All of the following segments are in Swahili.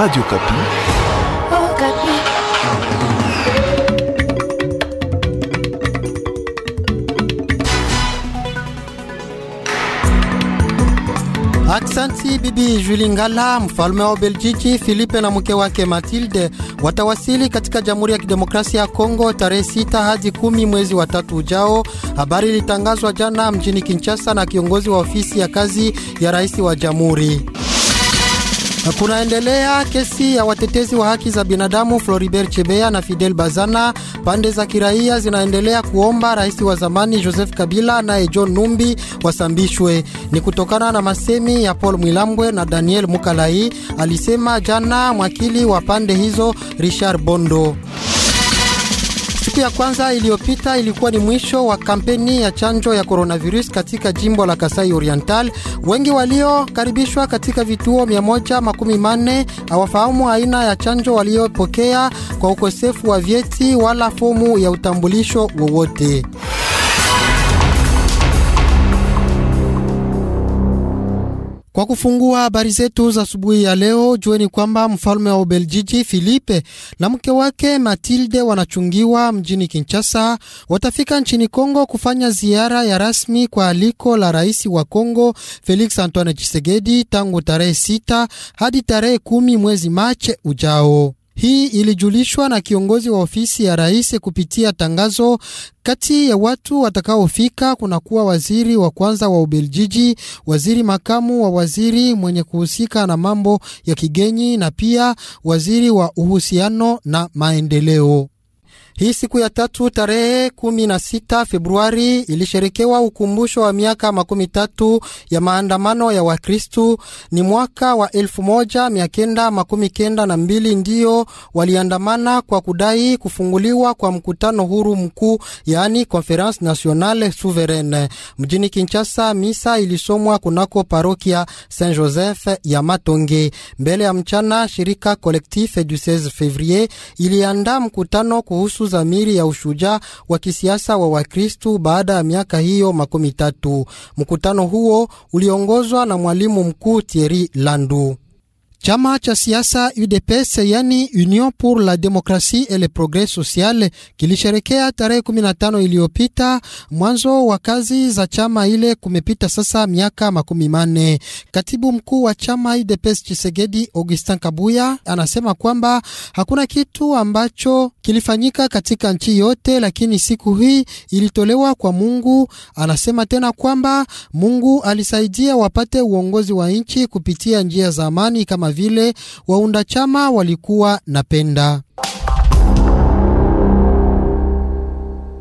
Radio Kapi. Oh, Kapi. Aksanti Bibi Julie Ngala, mfalme wa Ubeljiji Filipe na mke wake Matilde watawasili katika Jamhuri ya Kidemokrasia ya Kongo tarehe sita hadi kumi mwezi wa tatu ujao. Habari ilitangazwa jana mjini Kinshasa na kiongozi wa ofisi ya kazi ya rais wa jamhuri. Kunaendelea kesi ya watetezi wa haki za binadamu Floribert Chebea na Fidel Bazana. Pande za kiraia zinaendelea kuomba rais wa zamani Joseph Kabila naye John Numbi wasambishwe. Ni kutokana na masemi ya Paul Mwilambwe na Daniel Mukalai, alisema jana mwakili wa pande hizo Richard Bondo. Siku ya kwanza iliyopita ilikuwa ni mwisho wa kampeni ya chanjo ya coronavirus katika jimbo la Kasai Oriental. Wengi waliokaribishwa katika vituo 114 hawafahamu aina ya chanjo waliopokea kwa ukosefu wa vyeti wala fomu ya utambulisho wowote. Kwa kufungua habari zetu za asubuhi ya leo, jueni kwamba mfalme wa Ubeljiji Filipe na mke wake Matilde wanachungiwa mjini Kinshasa. Watafika nchini Kongo kufanya ziara ya rasmi kwa aliko la rais wa Kongo Felix Antoine Tshisekedi tangu tarehe 6 hadi tarehe kumi mwezi Machi ujao. Hii ilijulishwa na kiongozi wa ofisi ya rais kupitia tangazo. Kati ya watu watakaofika kunakuwa waziri wa kwanza wa Ubeljiji, waziri makamu wa waziri mwenye kuhusika na mambo ya kigeni, na pia waziri wa uhusiano na maendeleo. Hii siku ya tatu tarehe 16 Februari ilisherekewa ukumbusho wa miaka makumi tatu ya maandamano ya Wakristu. Ni mwaka wa 1992 ndiyo waliandamana kwa kudai kufunguliwa kwa mkutano huru mkuu, yaani Conference Nationale Souveraine. Mjini Kinshasa, misa ilisomwa kunako parokia Saint Joseph ya Matonge. Mbele ya mchana, shirika Collectif du 16 Fevrier iliandaa mkutano kuhusu dhamiri ya ushujaa wa kisiasa wa Wakristu baada ya miaka hiyo makumi tatu. Mkutano huo uliongozwa na mwalimu mkuu Thierry Landu. Chama cha siasa UDPS yani Union pour la democratie et le Progres Social kilisherekea tarehe 15 iliyopita mwanzo wa kazi za chama ile. Kumepita sasa miaka makumi manne. Katibu mkuu wa chama UDPS Chisegedi Augustin Kabuya anasema kwamba hakuna kitu ambacho kilifanyika katika nchi yote, lakini siku hii ilitolewa kwa Mungu. Anasema tena kwamba Mungu alisaidia wapate uongozi wa nchi kupitia njia za amani kama kama vile waunda chama walikuwa napenda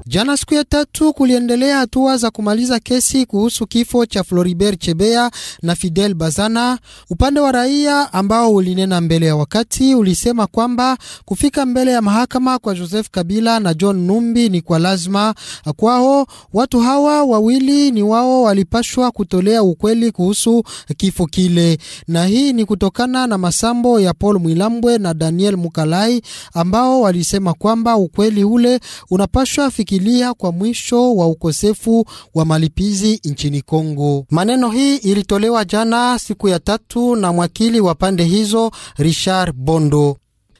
Jana siku ya tatu kuliendelea hatua za kumaliza kesi kuhusu kifo cha Floribert Chebea na Fidel Bazana. Upande wa raia ambao ulinena mbele ya wakati ulisema kwamba kufika mbele ya mahakama kwa Joseph Kabila na John Numbi ni kwa lazima kwao. Watu hawa wawili ni wao walipashwa kutolea ukweli kuhusu kifo kile, na hii ni kutokana na masambo ya Paul Mwilambwe na Daniel Mukalai ambao walisema kwamba ukweli ule unapashwa fiki kufuatilia kwa mwisho wa ukosefu wa malipizi nchini Kongo. Maneno hii ilitolewa jana siku ya tatu na mwakili wa pande hizo Richard Bondo.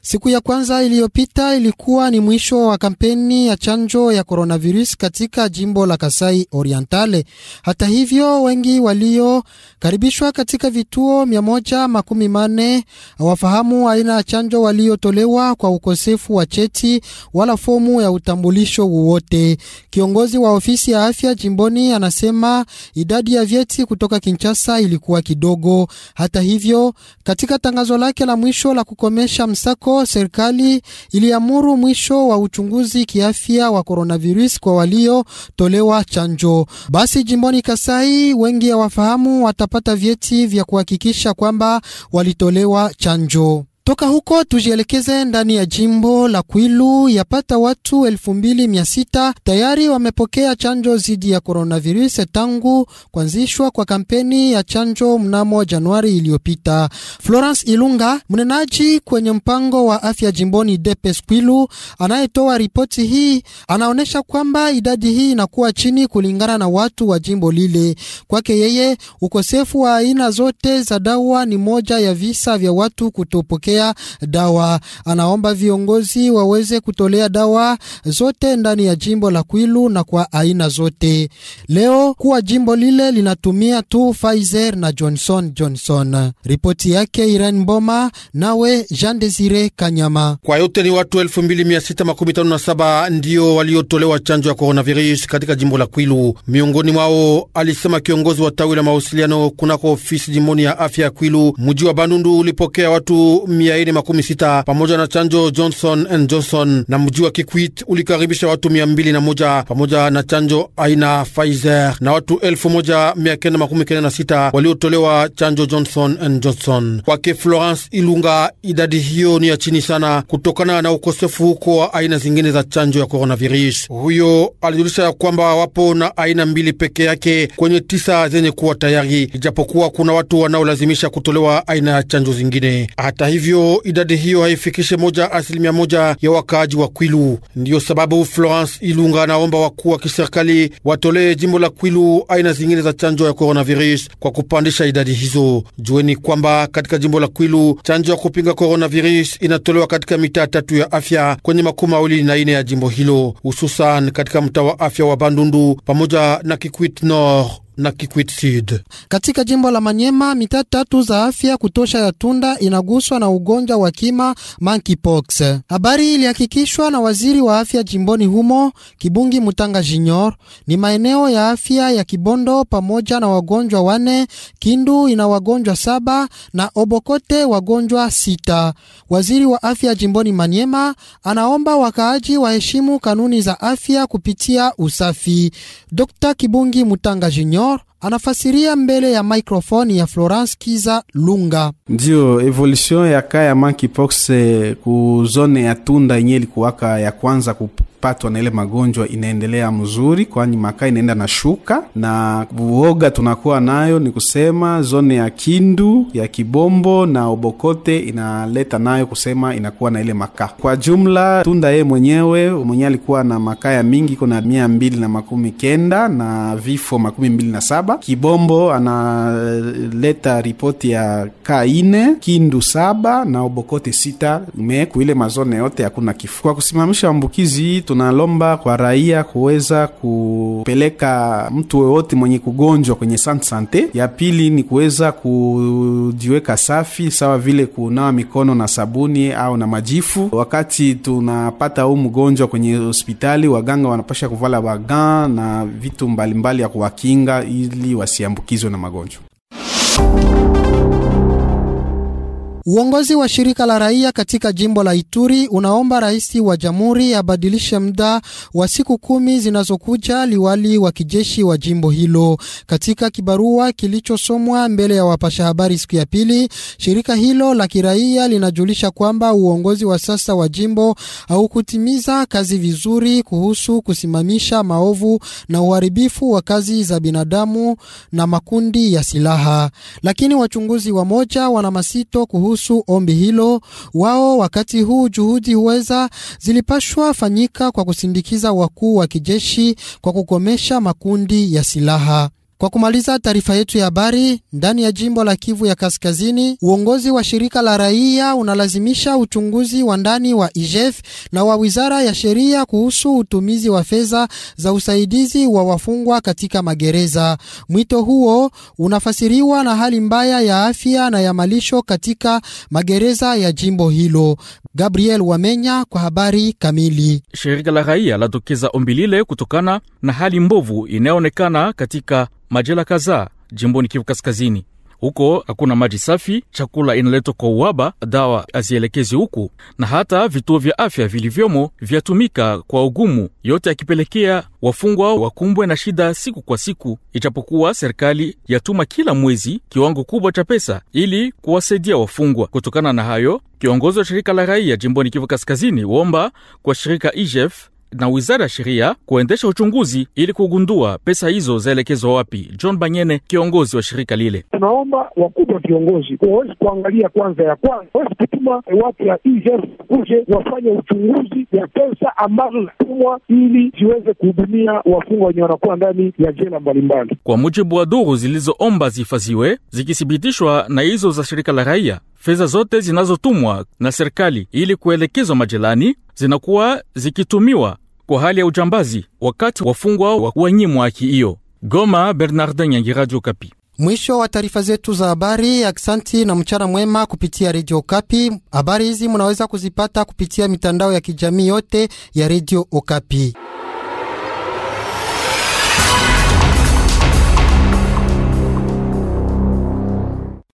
Siku ya kwanza iliyopita ilikuwa ni mwisho wa kampeni ya chanjo ya coronavirus katika jimbo la Kasai Orientale. Hata hivyo, wengi waliokaribishwa katika vituo mia moja makumi hawafahamu aina ya chanjo waliotolewa kwa ukosefu wa cheti wala fomu ya utambulisho wowote. Kiongozi wa ofisi ya afya jimboni anasema idadi ya vyeti kutoka Kinshasa ilikuwa kidogo. Hata hivyo, katika tangazo lake la mwisho la kukomesha msako serikali iliamuru mwisho wa uchunguzi kiafya wa coronavirus kwa waliotolewa chanjo. Basi jimboni Kasai, wengi hawafahamu watapata vyeti vya kuhakikisha kwamba walitolewa chanjo. Toka huko tujielekeze ndani ya jimbo la Kwilu. Yapata watu 2600 tayari wamepokea chanjo dhidi ya coronavirus tangu kuanzishwa kwa kampeni ya chanjo mnamo Januari iliyopita. Florence Ilunga, mnenaji kwenye mpango wa afya jimboni Depes Kwilu, anayetoa ripoti hii, anaonyesha kwamba idadi hii inakuwa chini kulingana na watu wa jimbo lile. Kwake yeye, ukosefu wa aina zote za dawa ni moja ya visa vya watu kutopokea kutolea dawa. Anaomba viongozi waweze kutolea dawa zote ndani ya jimbo la Kwilu na kwa aina zote. Leo kuwa jimbo lile linatumia tu Pfizer na Johnson Johnson. Ripoti yake Iran Mboma nawe Jean Desire Kanyama. Kwa yote ni watu 2657 ndio waliotolewa chanjo ya coronavirus katika jimbo la Kwilu. Miongoni mwao, alisema kiongozi wa tawi la mawasiliano kunako ofisi jimboni ya afya ya Kwilu, mji wa Bandundu ulipokea watu sita pamoja na chanjo Johnson and Johnson, na mji wa Kikwit ulikaribisha watu moja pamoja na chanjo aina Pfizer na watu 1996 waliotolewa chanjo Johnson and Johnson. Kwake Florence Ilunga, idadi hiyo ni ya chini sana kutokana na ukosefu huko wa aina zingine za chanjo ya coronavirus. Huyo alijulisha ya kwamba wapo na aina mbili peke yake kwenye tisa zenye kuwa tayari, ijapokuwa kuna watu wanaolazimisha kutolewa aina ya chanjo zingine. Hata hivyo hivyo idadi hiyo haifikishe moja asilimia moja ya wakaaji wa Kwilu. Ndiyo sababu Florence Ilunga anaomba wakuu wa kiserikali watolee jimbo la Kwilu aina zingine za chanjo ya coronavirus kwa kupandisha idadi hizo. Jueni kwamba katika jimbo la Kwilu chanjo ya kupinga coronavirus inatolewa katika mitaa tatu ya afya kwenye makumi mawili na ine ya jimbo hilo, hususan katika mtaa wa afya wa Bandundu pamoja na Kikwit Nord na Kikwit Sud. Katika jimbo la Manyema, mitaa tatu za afya kutosha ya Tunda inaguswa na ugonjwa wa kima monkeypox. Habari ilihakikishwa na waziri wa afya jimboni humo Kibungi Mutanga Junior. Ni maeneo ya afya ya Kibondo pamoja na wagonjwa wane, Kindu ina wagonjwa saba na Obokote wagonjwa sita. Waziri wa afya jimboni Manyema anaomba wakaaji waheshimu kanuni za afya kupitia usafi. Dr. Kibungi Mutanga Junior anafasiria mbele ya maikrofoni ya Florence Kiza Lunga. Ndiyo evolution ya kaya ya monkeypox eh, ku zone ya Tunda yenye ilikuwaka ya kwanza kupatwa na ile magonjwa inaendelea mzuri, kwani makaa inaenda na shuka na uoga tunakuwa nayo ni kusema zone ya Kindu ya Kibombo na Obokote inaleta nayo kusema inakuwa na ile makaa kwa jumla. Tunda yeye mwenyewe mwenyewe alikuwa na makaa ya mingi, kuna mia mbili na makumi kenda na vifo makumi mbili na saba saba, Kibombo analeta ripoti ya ka ine, Kindu saba na Obokote sita. Me kuile mazone yote hakuna kifu Kwa kusimamisha ambukizi hii, tunalomba kwa raia kuweza kupeleka mtu yoyote mwenye kugonjwa kwenye sante sante. Ya pili ni kuweza kujiweka safi, sawa vile kunawa mikono na sabuni au na majifu. Wakati tunapata huu mgonjwa kwenye hospitali, waganga wanapasha kuvala wagan na vitu mbalimbali mbali ya kuwakinga ili ili wasiambukizwe na magonjwa. Uongozi wa shirika la raia katika jimbo la Ituri unaomba rais wa jamhuri abadilishe muda wa siku kumi zinazokuja liwali wa kijeshi wa jimbo hilo. Katika kibarua kilichosomwa mbele ya wapasha habari siku ya pili, shirika hilo la kiraia linajulisha kwamba uongozi wa sasa wa jimbo haukutimiza kazi vizuri kuhusu kusimamisha maovu na uharibifu wa kazi za binadamu na makundi ya silaha, lakini wachunguzi wamoja wana masito kuhusu kuhusu ombi hilo wao. Wakati huu juhudi huweza zilipashwa fanyika kwa kusindikiza wakuu wa kijeshi kwa kukomesha makundi ya silaha. Kwa kumaliza taarifa yetu ya habari, ndani ya jimbo la Kivu ya Kaskazini, uongozi wa shirika la raia unalazimisha uchunguzi wa ndani wa IGF na wa Wizara ya Sheria kuhusu utumizi wa fedha za usaidizi wa wafungwa katika magereza. Mwito huo unafasiriwa na hali mbaya ya afya na ya malisho katika magereza ya jimbo hilo. Gabriel Wamenya kwa habari kamili. Shirika la raia latokeza ombi lile kutokana na hali mbovu inayoonekana katika majela kadhaa jimboni Kivu Kaskazini. Huko hakuna maji safi, chakula inaletwa kwa uhaba, dawa hazielekezi huku, na hata vituo vya afya vilivyomo vyatumika kwa ugumu, yote yakipelekea wafungwa wakumbwe na shida siku kwa siku, ijapokuwa serikali yatuma kila mwezi kiwango kubwa cha pesa ili kuwasaidia wafungwa. Kutokana na hayo, kiongozi wa shirika la raia jimboni Kivu Kaskazini womba kwa shirika IJEF na wizara ya sheria kuendesha uchunguzi ili kugundua pesa hizo zaelekezwa wapi. John Banyene, kiongozi wa shirika lile: tunaomba wakubwa viongozi wawezi kuangalia kwanza, ya kwanza wawezi kutuma watu ya kuje wafanye uchunguzi ya pesa ambazo zitumwa ili ziweze kuhudumia wafungwa wenye wanakuwa ndani ya jela mbalimbali. Kwa mujibu wa duru zilizoomba zihifadhiwe, zikithibitishwa na hizo za shirika la raia, Fedha zote zinazotumwa na serikali ili kuelekezwa majirani zinakuwa zikitumiwa kwa hali ya ujambazi, wakati wafungwa wa wanyimwa haki hiyo. Goma, Bernardin Nyangi, Radio Kapi. Mwisho wa taarifa zetu za habari. Aksanti na mchana mwema kupitia redio Okapi. Habari hizi munaweza kuzipata kupitia mitandao ya kijamii yote ya redio Okapi.